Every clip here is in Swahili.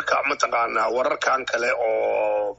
marka mataqaanaa wararkan kale oo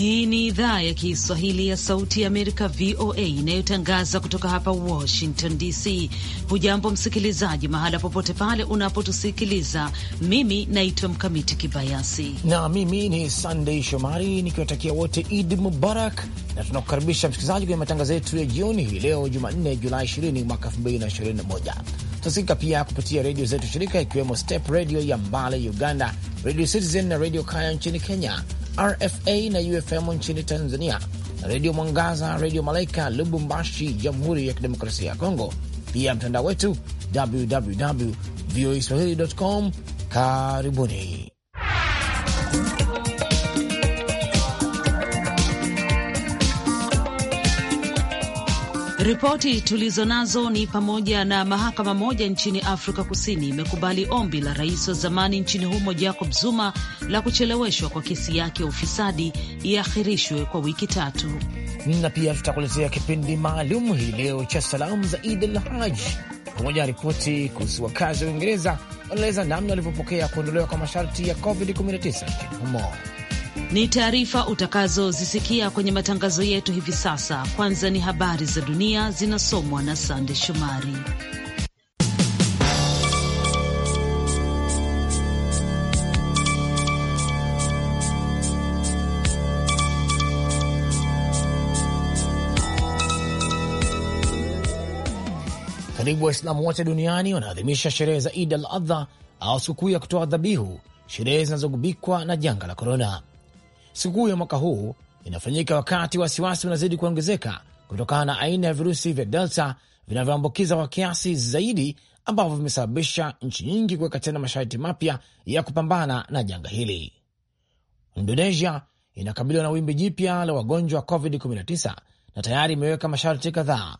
Hii ni idhaa ya Kiswahili ya Sauti ya Amerika, VOA, inayotangaza kutoka hapa Washington DC. Hujambo msikilizaji, mahala popote pale unapotusikiliza. Mimi naitwa Mkamiti Kibayasi na mimi ni Sandei Shomari, nikiwatakia wote Id Mubarak na tunakukaribisha msikilizaji kwenye matangazo yetu ya jioni hii leo Jumanne, Julai 20 mwaka 2021. Tunasikika pia kupitia redio zetu shirika, ikiwemo Step Redio ya Mbale Uganda, Redio Citizen na Redio Kaya nchini Kenya, RFA na UFM nchini Tanzania na Redio Mwangaza, Redio Malaika Lubumbashi, Jamhuri ya Kidemokrasia ya Kongo, pia mtandao wetu www voa swahili.com. Karibuni. Ripoti tulizo nazo ni pamoja na mahakama moja nchini Afrika Kusini imekubali ombi la rais wa zamani nchini humo Jacob Zuma la kucheleweshwa kwa kesi yake ya ufisadi iahirishwe kwa wiki tatu. Na pia tutakuletea kipindi maalum hii leo cha salamu za Id el Haj pamoja na ripoti kuhusu wakazi wa Uingereza wanaeleza namna walivyopokea kuondolewa kwa masharti ya COVID-19 nchini humo ni taarifa utakazozisikia kwenye matangazo yetu hivi sasa. Kwanza ni habari za dunia zinasomwa na Sande Shomari. Karibu Waislamu wote duniani wanaadhimisha sherehe za Id al Adha au sikukuu ya kutoa dhabihu, sherehe zinazogubikwa na janga la korona. Sikukuu ya mwaka huu inafanyika wakati wasiwasi unazidi kuongezeka kutokana na aina ya virusi vya Delta vinavyoambukiza kwa kiasi zaidi ambavyo vimesababisha nchi nyingi kuweka tena masharti mapya ya kupambana na janga hili. Indonesia inakabiliwa na wimbi jipya la wagonjwa wa COVID-19 na tayari imeweka masharti kadhaa.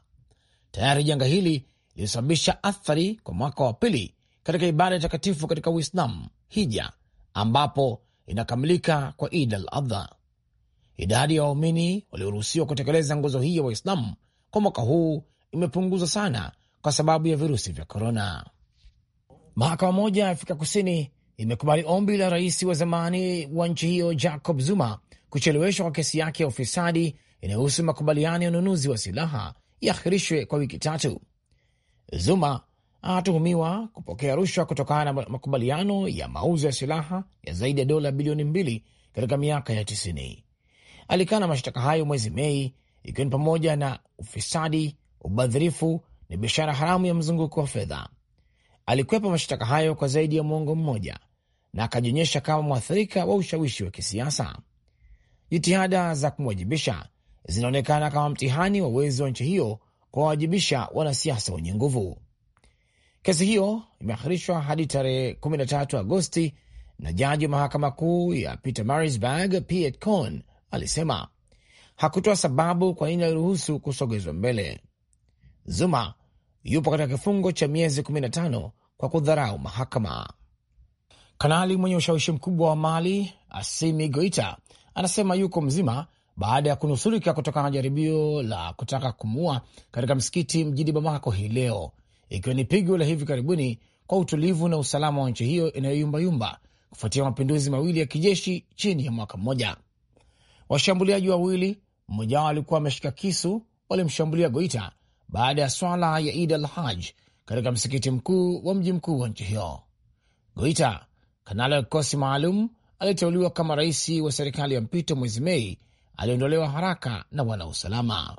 Tayari janga hili lilisababisha athari kwa mwaka wa pili katika ibada ya takatifu katika Uislamu, hija, ambapo inakamilika kwa Id al Adha. Idadi ya waumini walioruhusiwa kutekeleza nguzo hii ya Waislamu kwa mwaka huu imepunguzwa sana kwa sababu ya virusi vya korona. Mahakama moja ya Afrika Kusini imekubali ombi la rais wa zamani wa nchi hiyo Jacob Zuma kucheleweshwa kwa kesi yake ya ufisadi inayohusu makubaliano ya ununuzi wa silaha iahirishwe kwa wiki tatu. Zuma anatuhumiwa kupokea rushwa kutokana na makubaliano ya mauzo ya silaha ya zaidi ya dola bilioni mbili katika miaka ya tisini. Alikana mashtaka hayo mwezi Mei, ikiwa ni pamoja na ufisadi, ubadhirifu na biashara haramu ya mzunguko wa fedha. Alikwepa mashtaka hayo kwa zaidi ya mwongo mmoja na akajionyesha kama mwathirika wa ushawishi wa kisiasa. Jitihada za kumwajibisha zinaonekana kama mtihani wa uwezo wa nchi hiyo kuwawajibisha wanasiasa wenye nguvu. Kesi hiyo imeahirishwa hadi tarehe 13 Agosti, na jaji wa mahakama kuu ya Pietermaritzburg Piet Koen alisema hakutoa sababu kwa nini aliruhusu kusogezwa mbele. Zuma yupo katika kifungo cha miezi 15 kwa kudharau mahakama. Kanali mwenye ushawishi mkubwa wa Mali Asimi Goita anasema yuko mzima baada ya kunusurika kutokana na jaribio la kutaka kumua katika msikiti mjini Bamako hii leo, ikiwa ni pigo la hivi karibuni kwa utulivu na usalama wa nchi hiyo inayoyumbayumba kufuatia mapinduzi mawili ya kijeshi chini ya mwaka mmoja. Washambuliaji wawili, mmoja wao alikuwa ameshika kisu, walimshambulia Goita baada ya swala ya Id al Haj katika msikiti mkuu wa mji mkuu wa nchi hiyo. Goita, kanali ya kikosi maalum aliteuliwa kama rais wa serikali ya mpito mwezi Mei, aliondolewa haraka na wanausalama.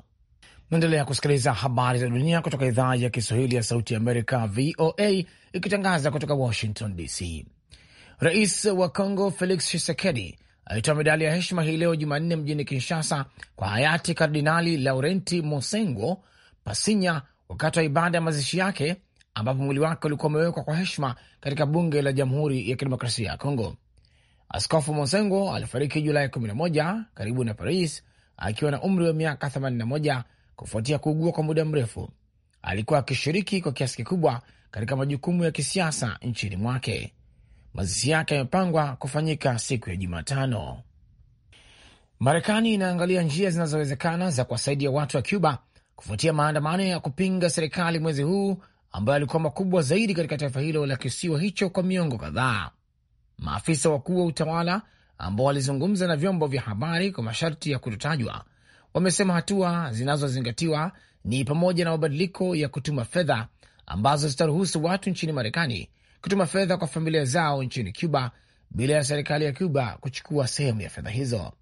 Naendelea kusikiliza habari za dunia kutoka idhaa ya Kiswahili ya Sauti ya Amerika, VOA, ikitangaza kutoka Washington DC. Rais wa Congo Felix Tshisekedi alitoa medali ya heshima hii leo Jumanne mjini Kinshasa kwa hayati Kardinali Laurenti Mosengo Pasinya wakati wa ibada ya mazishi yake ambapo mwili wake ulikuwa umewekwa kwa heshima katika bunge la Jamhuri ya Kidemokrasia ya congo Askofu Mosengo alifariki Julai 11 karibu na Paris akiwa na umri wa miaka 81 kufuatia kuugua kwa muda mrefu. Alikuwa akishiriki kwa kiasi kikubwa katika majukumu ya kisiasa nchini mwake. Mazishi yake yamepangwa kufanyika siku ya Jumatano. Marekani inaangalia njia zinazowezekana za kuwasaidia watu wa Cuba kufuatia maandamano ya kupinga serikali mwezi huu ambayo alikuwa makubwa zaidi katika taifa hilo la kisiwa hicho kwa miongo kadhaa. Maafisa wakuu wa utawala ambao walizungumza na vyombo vya habari kwa masharti ya kutotajwa wamesema hatua zinazozingatiwa ni pamoja na mabadiliko ya kutuma fedha ambazo zitaruhusu watu nchini Marekani kutuma fedha kwa familia zao nchini Cuba bila ya serikali ya Cuba kuchukua sehemu ya fedha hizo.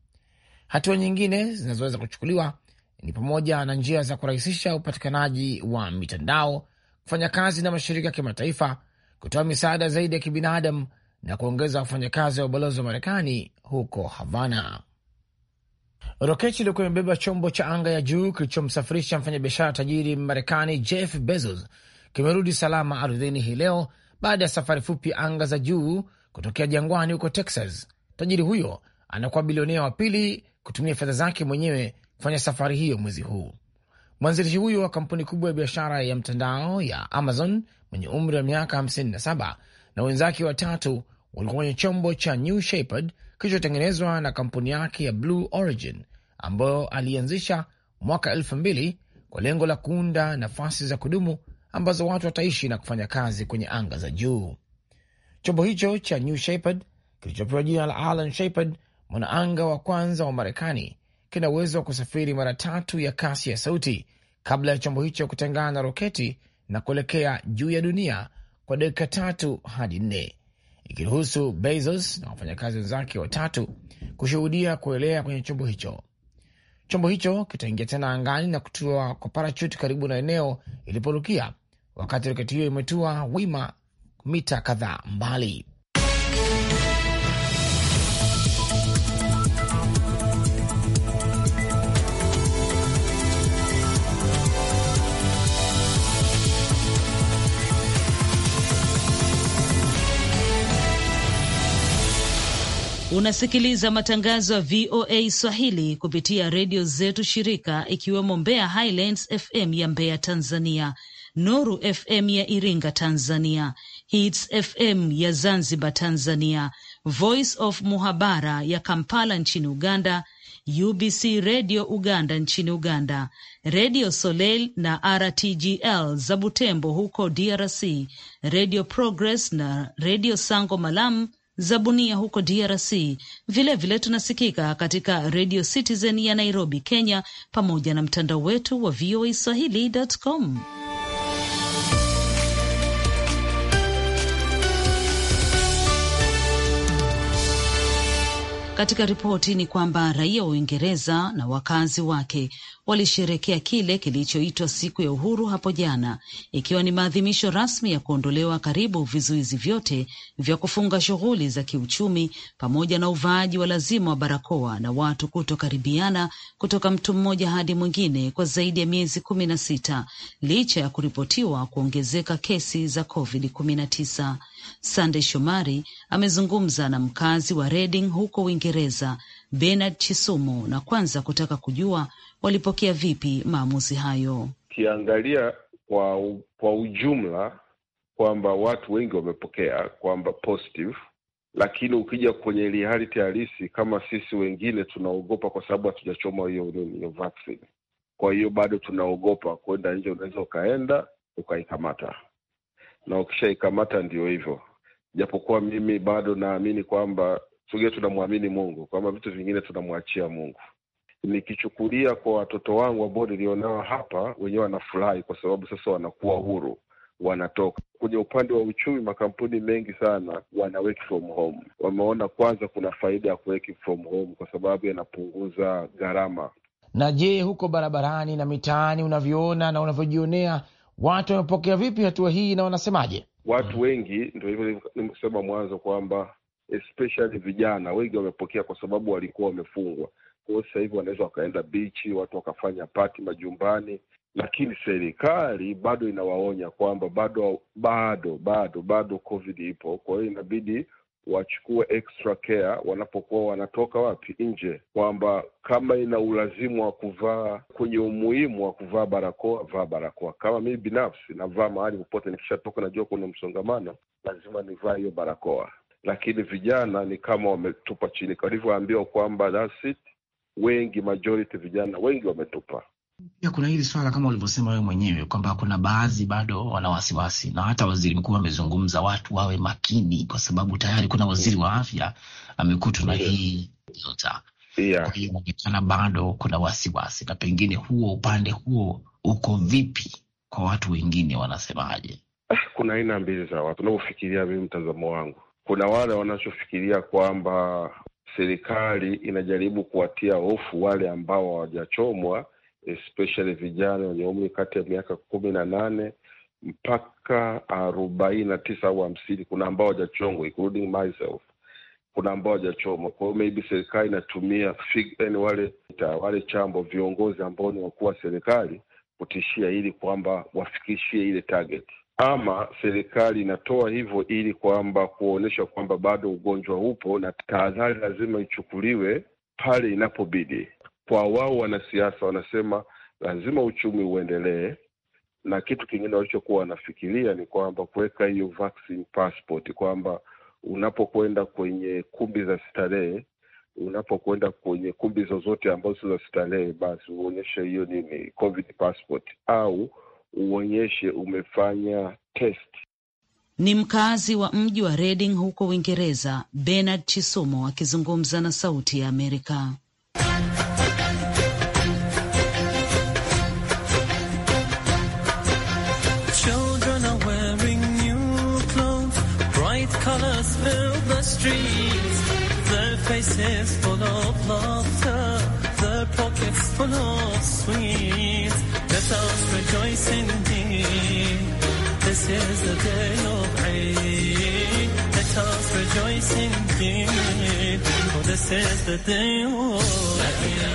Hatua nyingine zinazoweza kuchukuliwa ni pamoja na njia za kurahisisha upatikanaji wa mitandao, kufanya kazi na mashirika ya kimataifa, kutoa misaada zaidi ya kibinadamu na kuongeza wafanyakazi wa ubalozi wa Marekani huko Havana. Roketi iliokuwa imebeba chombo cha anga ya juu kilichomsafirisha mfanyabiashara tajiri Marekani Jeff Bezos kimerudi salama ardhini hii leo baada ya safari fupi anga za juu kutokea jangwani huko Texas. Tajiri huyo anakuwa bilionea wa pili kutumia fedha zake mwenyewe kufanya safari hiyo mwezi huu. Mwanzilishi huyo wa kampuni kubwa ya biashara ya mtandao ya Amazon mwenye umri wa miaka 57 na wenzake watatu walikuwa kwenye chombo cha New Shepard kilichotengenezwa na kampuni yake ya Blue Origin ambayo alianzisha mwaka elfu mbili kwa lengo la kuunda nafasi za kudumu ambazo watu wataishi na kufanya kazi kwenye anga za juu. Chombo hicho cha New Shepard kilichopewa jina la Alan Shepard, mwanaanga wa kwanza wa Marekani, kina uwezo wa kusafiri mara tatu ya kasi ya sauti kabla ya chombo hicho kutengana na roketi na kuelekea juu ya dunia kwa dakika tatu hadi nne ikiruhusu Bezos na wafanyakazi wenzake watatu kushuhudia kuelea kwenye chombo hicho. Chombo hicho kitaingia tena angani na kutua kwa parachute karibu na eneo iliporukia, wakati roketi hiyo imetua wima mita kadhaa mbali. Unasikiliza matangazo ya VOA Swahili kupitia redio zetu shirika, ikiwemo Mbeya Highlands FM ya Mbeya Tanzania, Nuru FM ya Iringa Tanzania, Hits FM ya Zanzibar Tanzania, Voice of Muhabara ya Kampala nchini Uganda, UBC Redio Uganda nchini Uganda, Redio Soleil na RTGL za Butembo huko DRC, Redio Progress na Redio Sango Malamu za Bunia huko DRC. Vilevile vile tunasikika katika Radio Citizen ya Nairobi, Kenya, pamoja na mtandao wetu wa VOA Swahili.com. Katika ripoti ni kwamba raia wa Uingereza na wakazi wake walisherekea kile kilichoitwa siku ya uhuru hapo jana, ikiwa ni maadhimisho rasmi ya kuondolewa karibu vizuizi vyote vya kufunga shughuli za kiuchumi pamoja na uvaaji wa lazima wa barakoa na watu kutokaribiana kutoka mtu mmoja hadi mwingine kwa zaidi ya miezi kumi na sita licha ya kuripotiwa kuongezeka kesi za COVID-19 sandey Shomari amezungumza na mkazi wa Reading huko Uingereza Bernard Chisumu na kwanza kutaka kujua walipokea vipi maamuzi hayo. Ukiangalia kwa, kwa ujumla kwamba watu wengi wamepokea kwamba positive, lakini ukija kwenye reality halisi kama sisi wengine tunaogopa kwa sababu hatujachoma hiyo hiyo vaccine. Kwa hiyo bado tunaogopa kwenda nje, unaweza ukaenda ukaikamata na ukishaikamata ndio hivyo, japokuwa mimi bado naamini kwamba tugee, tunamwamini Mungu kwamba vitu vingine tunamwachia Mungu. Nikichukulia kwa watoto wangu ambao nilionao hapa, wenyewe wanafurahi kwa sababu sasa wanakuwa huru wanatoka kwenye upande wa uchumi. Makampuni mengi sana wana work from home, wameona kwanza kuna faida ya work from home kwa sababu yanapunguza gharama. Na je, huko barabarani na mitaani unavyoona na unavyojionea, Watu wamepokea vipi hatua hii na wanasemaje? Watu wengi, ndo hivyo nimesema mwanzo kwamba especially vijana wengi wamepokea, kwa sababu walikuwa wamefungwa. Kwa hiyo sasa hivi wanaweza wakaenda bichi, watu wakafanya pati majumbani, lakini serikali bado inawaonya kwamba bado bado bado bado COVID ipo, kwa hiyo inabidi wachukue extra care wanapokuwa wanatoka wapi nje, kwamba kama ina ulazimu wa kuvaa, kwenye umuhimu wa kuvaa barakoa, vaa barakoa. Kama mimi binafsi navaa mahali popote, nikishatoka najua kuna msongamano, lazima nivaa hiyo barakoa. Lakini vijana ni kama wametupa chini, walivyoambiwa kwamba that's it, wengi majority vijana wengi wametupa pia kuna hili swala kama ulivyosema wewe mwenyewe kwamba kuna baadhi bado wana wasiwasi, na hata waziri mkuu amezungumza watu wawe makini, kwa sababu tayari kuna waziri wa afya amekutwa na hii delta. Kwa hiyo inaonekana bado kuna wasiwasi, na pengine huo upande huo uko vipi kwa watu wengine, wanasemaje? Ah, kuna aina mbili za watu unavyofikiria. Mimi mtazamo wangu, kuna wale wanachofikiria kwamba serikali inajaribu kuwatia hofu wale ambao hawajachomwa especially vijana wenye umri kati ya miaka kumi na nane mpaka arobaini na tisa au hamsini. Kuna ambao wajachongwa including myself, kuna ambao wajachomwa. Kwa hiyo maybe serikali inatumia yani wale wale chambo viongozi ambao ni wakuu wa serikali kutishia ili kwamba wafikishie ile target, ama serikali inatoa hivyo ili kwamba kuonyesha kwamba bado ugonjwa upo na tahadhari lazima ichukuliwe pale inapobidi kwa wao wanasiasa wanasema lazima uchumi uendelee, na kitu kingine walichokuwa wanafikiria ni kwamba kuweka hiyo vaccine passport, kwamba unapokwenda kwenye kumbi za starehe, unapokwenda kwenye kumbi zozote ambazo sio za starehe, basi uonyeshe hiyo nini, covid passport, au uonyeshe umefanya test. Ni mkazi wa mji wa Reading huko Uingereza, Bernard Chisumo akizungumza na Sauti ya Amerika. is a day of pain. Let us rejoice in Him.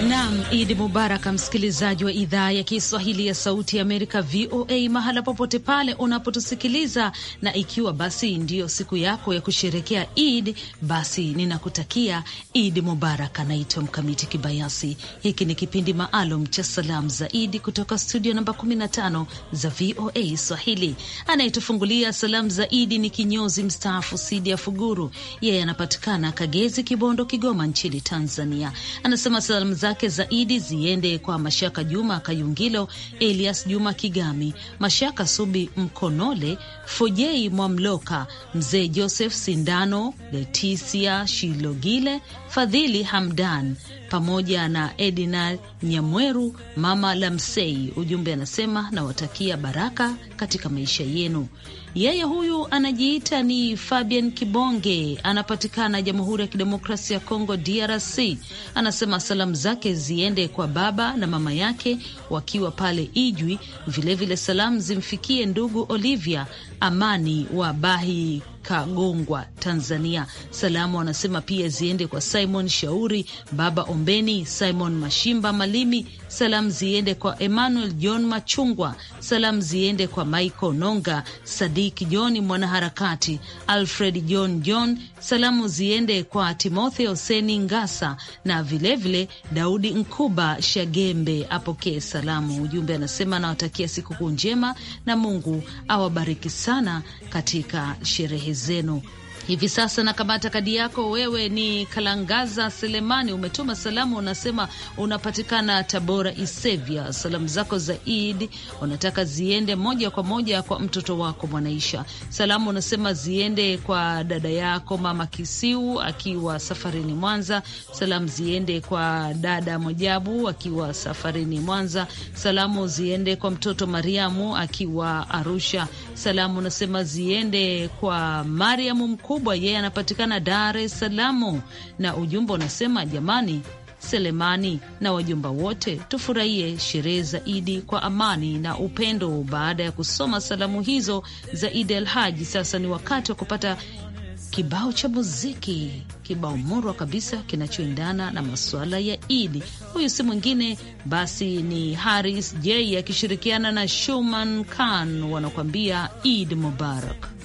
Naam, Idi Mubarak, msikilizaji wa idhaa ya Kiswahili ya Sauti ya Amerika, VOA, mahala popote pale unapotusikiliza, na ikiwa basi ndiyo siku yako ya kusherekea Idi, basi ninakutakia Idi Mubarak. Anaitwa Mkamiti Kibayasi. Hiki ni kipindi maalum cha salamu za Idi kutoka studio namba 15 za VOA Swahili. Anayetufungulia salamu za Idi ni kinyozi mstaafu Sidi Afuguru, yeye anapatikana Kagezi Kibondo, Kigo Dodoma nchini Tanzania. Anasema salamu zake zaidi ziende kwa Mashaka Juma Kayungilo, Elias Juma Kigami, Mashaka Subi Mkonole, Fojei Mwamloka, Mzee Joseph Sindano, Letisia Shilogile, Fadhili Hamdan pamoja na Edina Nyamweru, mama Lamsei. Ujumbe anasema nawatakia baraka katika maisha yenu. Yeye huyu anajiita ni Fabian Kibonge, anapatikana Jamhuri ya Kidemokrasia ya Kongo, DRC. Anasema salamu zake ziende kwa baba na mama yake wakiwa pale Ijwi. Vilevile salamu zimfikie ndugu Olivia Amani wa Bahi Kagongwa, Tanzania. Salamu anasema pia ziende kwa Simon Shauri, Baba Ombeni, Simon Mashimba Malimi. Salamu ziende kwa Emmanuel John Machungwa. Salamu ziende kwa Michael Nonga, Sadik John mwanaharakati, Alfred John John. Salamu ziende kwa Timothy Oseni Ngasa na vilevile vile Daudi Nkuba Shagembe apokee salamu. Ujumbe anasema anawatakia sikukuu njema na Mungu awabariki sana katika sherehe Zeno hivi sasa nakamata kadi yako. Wewe ni Kalangaza Selemani, umetuma salamu, unasema unapatikana Tabora Isevya. Salamu zako za Id unataka ziende moja kwa moja kwa mtoto wako Mwanaisha. Salamu unasema ziende kwa dada yako mama Kisiu akiwa safarini Mwanza. Salamu ziende kwa dada Mojabu akiwa safarini Mwanza. Salamu ziende kwa mtoto Mariamu akiwa Arusha. Salamu unasema ziende kwa Mariamu mkuu mkubwa, yeye anapatikana Dar es Salaam, na ujumbe unasema jamani, Selemani na wajumba wote tufurahie sherehe za Idi kwa amani na upendo. Baada ya kusoma salamu hizo za Idi el Haji, sasa ni wakati wa kupata kibao cha muziki, kibao murwa kabisa kinachoendana na masuala ya Idi. Huyu si mwingine basi ni Haris J akishirikiana na Shuman Khan, wanakuambia Idi Mubarak.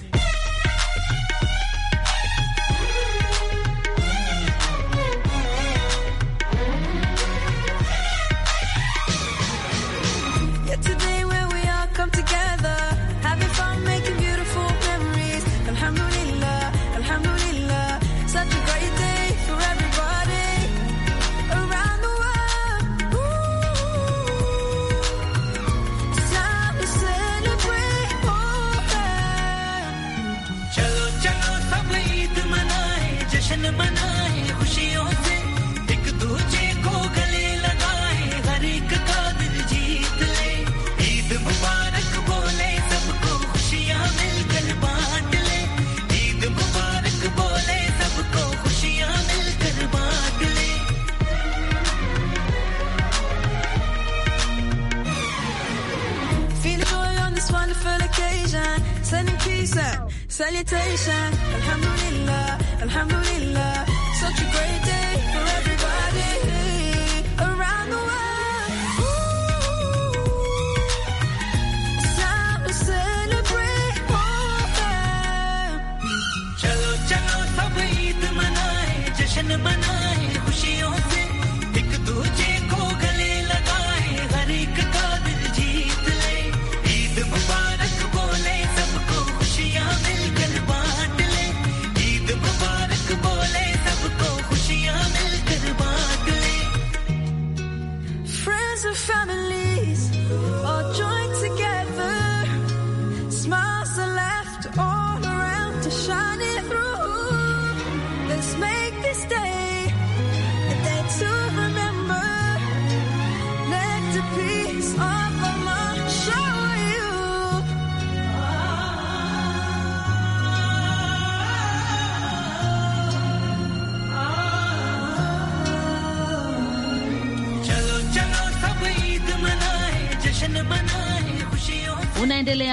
मनाए खुशियों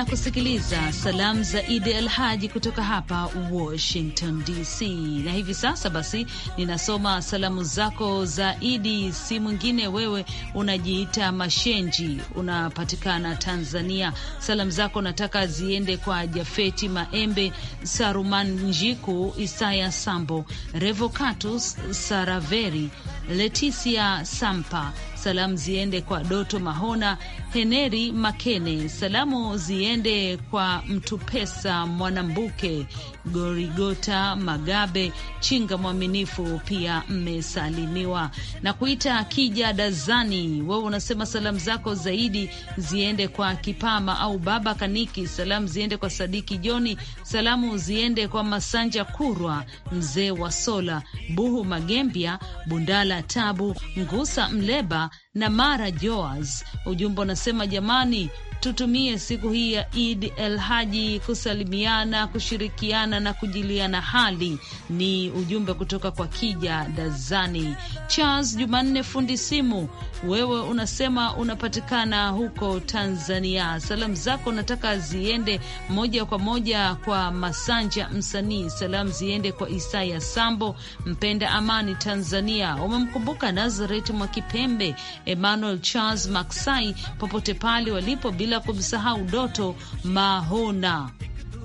Unaendelea kusikiliza salamu za Idi al Haji kutoka hapa Washington DC, na hivi sasa basi ninasoma salamu zako za Idi. Si mwingine wewe, unajiita Mashenji, unapatikana Tanzania. Salamu zako nataka ziende kwa Jafeti Maembe, Saruman Njiku, Isaya Sambo, Revocatus Saraveri, leticia Sampa Salamu ziende kwa Doto Mahona, Heneri Makene. Salamu ziende kwa Mtupesa Mwanambuke, Gorigota Magabe, Chinga Mwaminifu, pia mmesalimiwa na kuita Kija Dazani. Wewe unasema salamu zako zaidi ziende kwa Kipama au Baba Kaniki, salamu ziende kwa Sadiki Joni, salamu ziende kwa Masanja Kurwa, mzee wa Sola, Buhu Magembia, Bundala Tabu, Ngusa Mleba na Mara Joas. Ujumbe unasema jamani, tutumie siku hii ya id el Haji kusalimiana, kushirikiana na kujiliana hali. Ni ujumbe kutoka kwa Kija Dazani. Charles Jumanne fundi simu, wewe unasema unapatikana huko Tanzania. Salamu zako nataka ziende moja kwa moja kwa Masanja msanii, salamu ziende kwa Isaya Sambo mpenda amani Tanzania. Umemkumbuka Nazareth Mwakipembe, Emmanuel Charles Maksai popote pale walipo bila bila kumsahau Doto Mahona.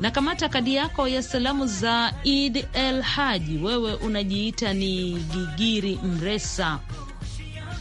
Na kamata kadi yako ya salamu za Id El Haji. Wewe unajiita ni Gigiri Mresa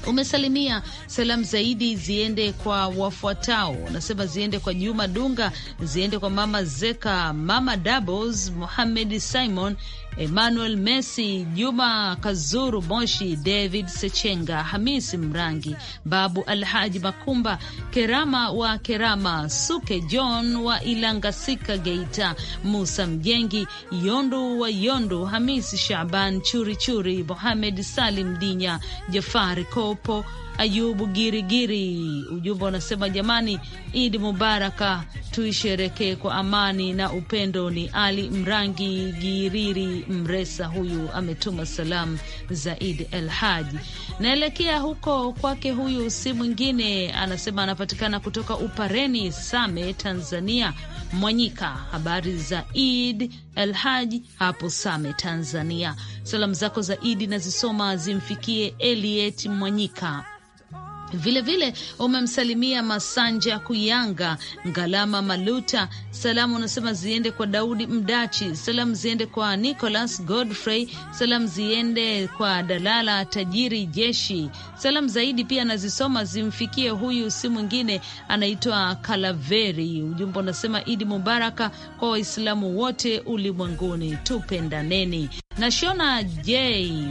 umesalimia salamu zaidi ziende kwa wafuatao. Unasema ziende kwa Juma Dunga, ziende kwa mama Zeka, mama Doubles, Muhamed Simon, Emmanuel Messi, Juma Kazuru Moshi, David Sechenga, Hamisi Mrangi, Babu Alhaji Makumba, Kerama wa Kerama, Suke John wa Ilangasika Geita, Musa Mjengi, Yondu wa Yondu, Hamisi Shaban Churichuri, Mohamed Salim Dinya, Jafari Kopo Ayubu Girigiri. Ujumbe unasema jamani, Idi Mubaraka, tuisherekee kwa amani na upendo. Ni Ali Mrangi Giriri Mresa, huyu ametuma salamu za Idi El Haji. Naelekea huko kwake, huyu si mwingine, anasema anapatikana kutoka Upareni Same, Tanzania. Mwanyika, habari za Idi El Haji hapo Same, Tanzania. Salamu zako za Idi nazisoma zimfikie Eliet Mwanyika Vilevile umemsalimia Masanja Kuyanga, Ngalama Maluta. Salamu unasema ziende kwa Daudi Mdachi, salamu ziende kwa nicolas Godfrey, salamu ziende kwa Dalala Tajiri Jeshi. Salamu zaidi pia anazisoma zimfikie huyu, si mwingine anaitwa Kalaveri. Ujumbe unasema Idi Mubaraka kwa Waislamu wote ulimwenguni, tupendaneni. Nashona J,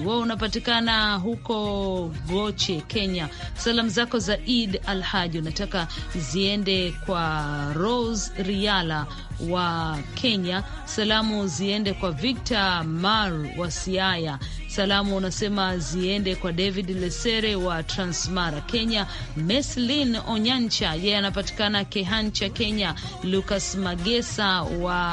wewe unapatikana huko Goche, Kenya. Salamu zako za Eid Alhaji unataka ziende kwa Rose Riala wa Kenya. Salamu ziende kwa Victor Mar wa Siaya. Salamu unasema ziende kwa David Lesere wa Transmara, Kenya. Meslin Onyancha, yeye anapatikana Kehancha, Kenya. Lucas Magesa wa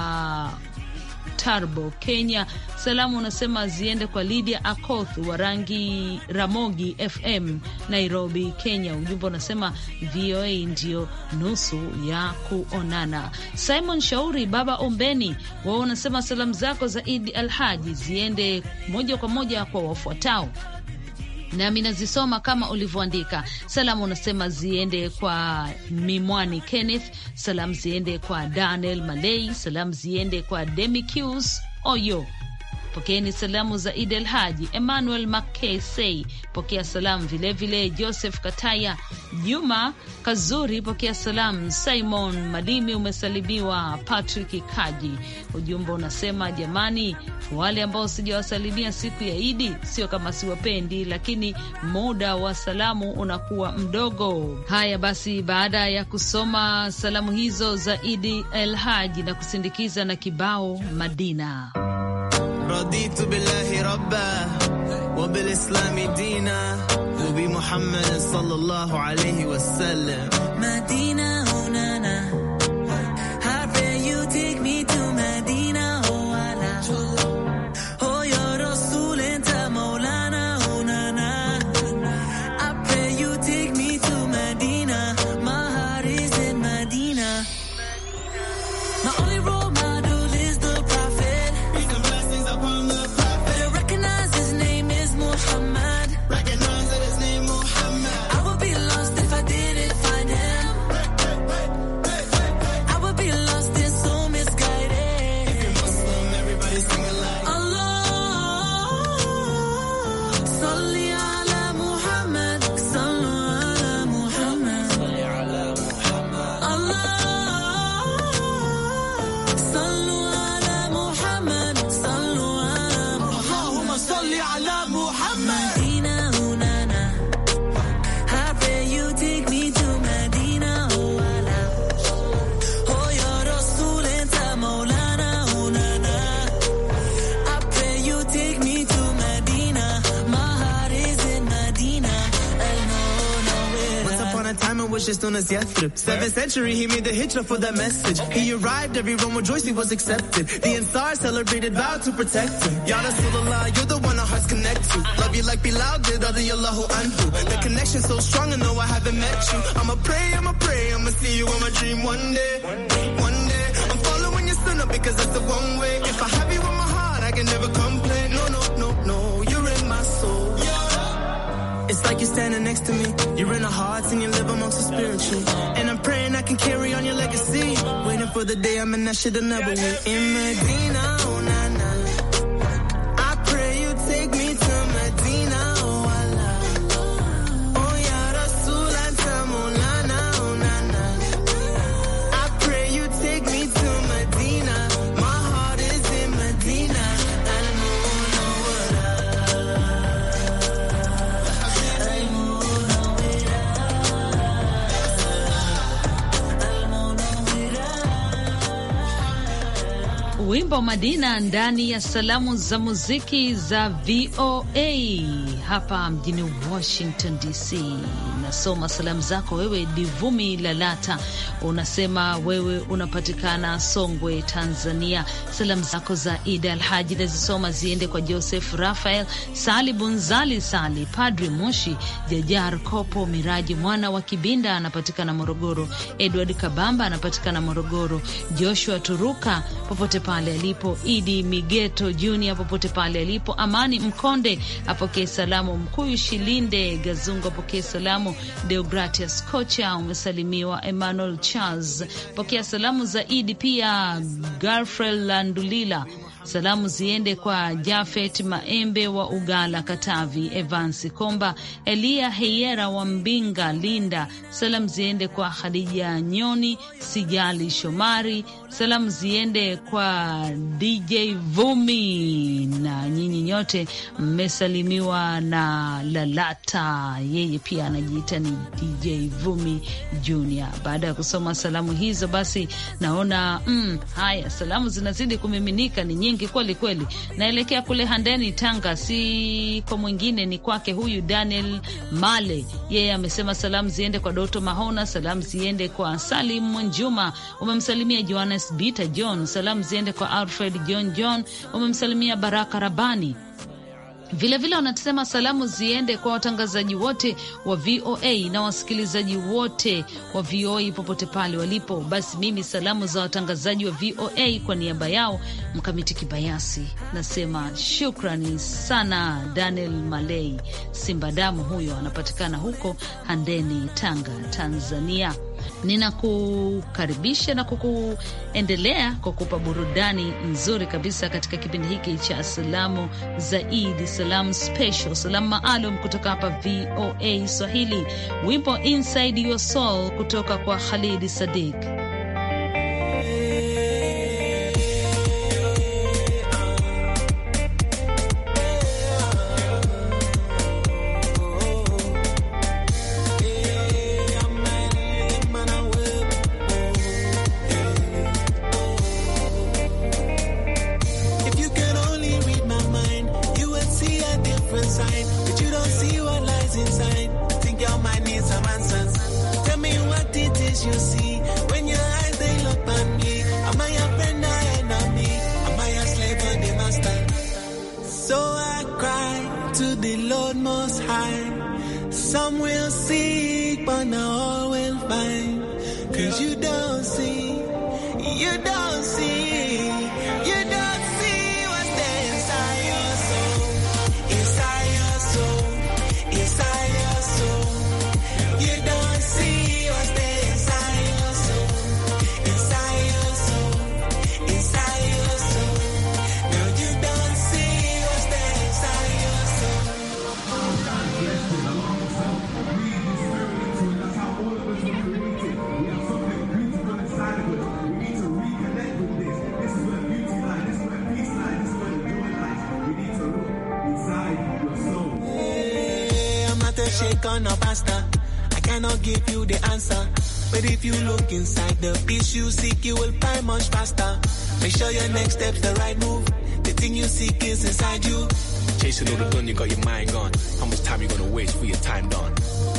Tarbo, Kenya. Salamu unasema ziende kwa Lydia Akoth wa rangi Ramogi FM, Nairobi, Kenya. Ujumbe unasema VOA ndio nusu ya kuonana. Simon Shauri, baba Ombeni, wao unasema salamu zako za Idi Alhaji ziende moja kwa moja kwa wafuatao nami nazisoma kama ulivyoandika. Salamu unasema ziende kwa Mimwani Kenneth, salamu ziende kwa Daniel Malei, salamu ziende kwa Demikus Oyo Pokeeni salamu za Idi el Haji Emmanuel Makesei, pokea salamu vilevile vile Joseph Kataya Juma Kazuri, pokea salamu Simon Malimi, umesalimiwa Patrick Kaji. Ujumbe unasema jamani, wale ambao sijawasalimia siku ya Idi sio kama siwapendi, lakini muda wa salamu unakuwa mdogo. Haya basi, baada ya kusoma salamu hizo za Idi el Haji na kusindikiza na kibao Madina. رضيت بالله ربا وبالإسلام دينا وبمحمد صلى الله عليه وسلم مدينه on his yathrib. Seventh century, he made the hijra for that message. He arrived, everyone rejoiced, he was accepted. The Ansar celebrated, vowed to protect him. Ya Rasulullah, you're the one our hearts connect to. Love you like Bilal did, Allahu anhu. The connection's so strong, I know I haven't met you. I'ma pray, I'ma pray, I'ma see you in my dream one day. One day, I'm following your sunnah because that's the one way. If I have you in my heart, I can never come It's like you're standing next to me. You're in the hearts and you live amongst the spiritual. And I'm praying I can carry on your legacy. Waiting for the day I'm in that shit another way. In Medina, oh, nah, Madina ndani ya salamu za muziki za VOA hapa mjini Washington DC. Nasoma salamu zako wewe, Divumi Lalata, unasema wewe unapatikana Songwe, Tanzania. Salamu zako za Idi Alhaji nazisoma ziende kwa Joseph Rafael Sali, Bunzali Sali, Padri Moshi, Jajar Kopo, Miraji mwana wa Kibinda anapatikana Morogoro, Edward Kabamba anapatikana Morogoro, Joshua Turuka popote pale alipo, Idi Migeto Junior popote pale alipo, Amani Mkonde apokee salamu, Mkuyu Shilinde Gazungu apokee salamu, Deogratias Kocha, umesalimiwa Emmanuel Charles, pokea salamu zaidi pia Garfrel Landulila Salamu ziende kwa Jafet Maembe wa Ugala, Katavi, Evansi Komba, elia Heyera wa Mbinga, Linda. Salamu ziende kwa Khadija Nyoni, Sijali Shomari. Salamu ziende kwa DJ Vumi na nyinyi nyote mmesalimiwa na Lalata, yeye pia anajiita ni DJ Vumi Junior. Baada ya kusoma salamu hizo, basi naona mm, haya salamu zinazidi kumiminika ni nyingi kweli kweli. Naelekea kule Handeni, Tanga, si kwa mwingine ni kwake huyu Daniel Male. Yeye amesema salamu ziende kwa Doto Mahona, salamu ziende kwa Salim Mwenjuma, umemsalimia Johannes Bita John, salamu ziende kwa Alfred John John, umemsalimia Baraka Rabani Vilevile wanasema salamu ziende kwa watangazaji wote wa VOA na wasikilizaji wote wa VOA popote pale walipo. Basi mimi salamu za watangazaji wa VOA kwa niaba yao Mkamiti Kibayasi nasema shukrani sana. Daniel Malei Simbadamu, huyo anapatikana huko Handeni, Tanga, Tanzania. Ninakukaribisha na kukuendelea kwa kupa burudani nzuri kabisa katika kipindi hiki cha salamu zaidi, salamu special, salamu maalum kutoka hapa VOA Swahili. Wimbo Inside Your Soul kutoka kwa Khalid Sadiq. chicken or pasta. I cannot give you the answer. But if you look inside the piece you seek, you will find much faster. Make sure your next step's the right move. The thing you seek is inside you. Chasing all the gun, you got your mind gone. How much time you gonna waste for your time done?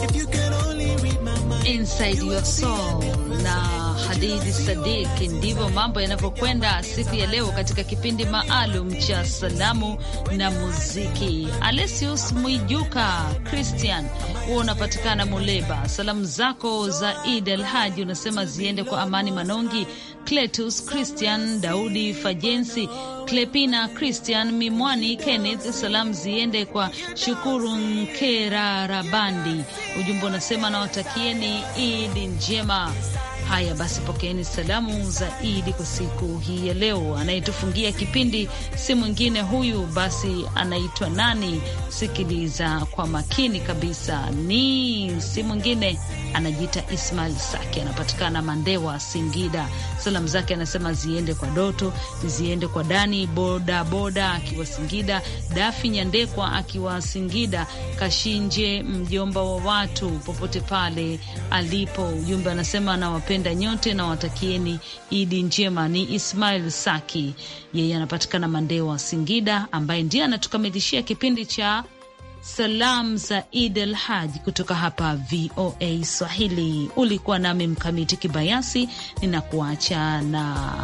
If you could only read my mind, inside you your soul, now. Hadithi Sadiki. Ndivyo mambo yanavyokwenda siku ya leo katika kipindi maalum cha salamu na muziki. Alesius Mwijuka Christian, huo unapatikana Muleba. Salamu zako za Id al Haji unasema ziende kwa Amani Manongi, Cletus Christian, Daudi Fajensi, Klepina Christian Mimwani, Kenneth. Salamu ziende kwa Shukuru Nkera Rabandi. Ujumbe unasema nawatakieni Idi njema. Haya basi, pokeeni salamu za Idi kwa siku hii ya leo. Anayetufungia kipindi si mwingine huyu, basi anaitwa nani? Sikiliza kwa makini kabisa, ni si mwingine anajiita Ismail Saki, anapatikana Mandewa, Singida. Salamu zake anasema ziende kwa Doto, ziende kwa Dani boda boda akiwa Singida, Dafi Nyandekwa akiwa Singida, Kashinje mjomba wa watu popote pale alipo. Ujumbe anasema anawapenda nawapenda nyote na watakieni Idi njema. Ni Ismail Saki, yeye anapatikana mandeo wa Singida, ambaye ndiye anatukamilishia kipindi cha Salam za Id al Haj kutoka hapa VOA Swahili. Ulikuwa nami Mkamiti Kibayasi, ninakuacha na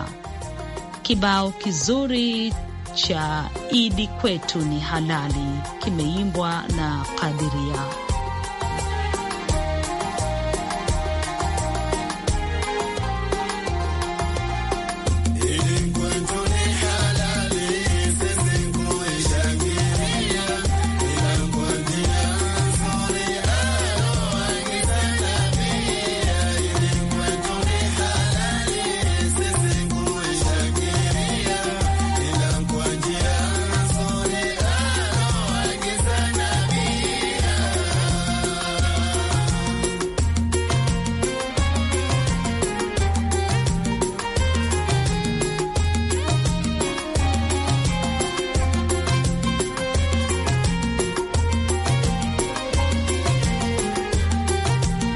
kibao kizuri cha Idi kwetu ni halali, kimeimbwa na Kadiria.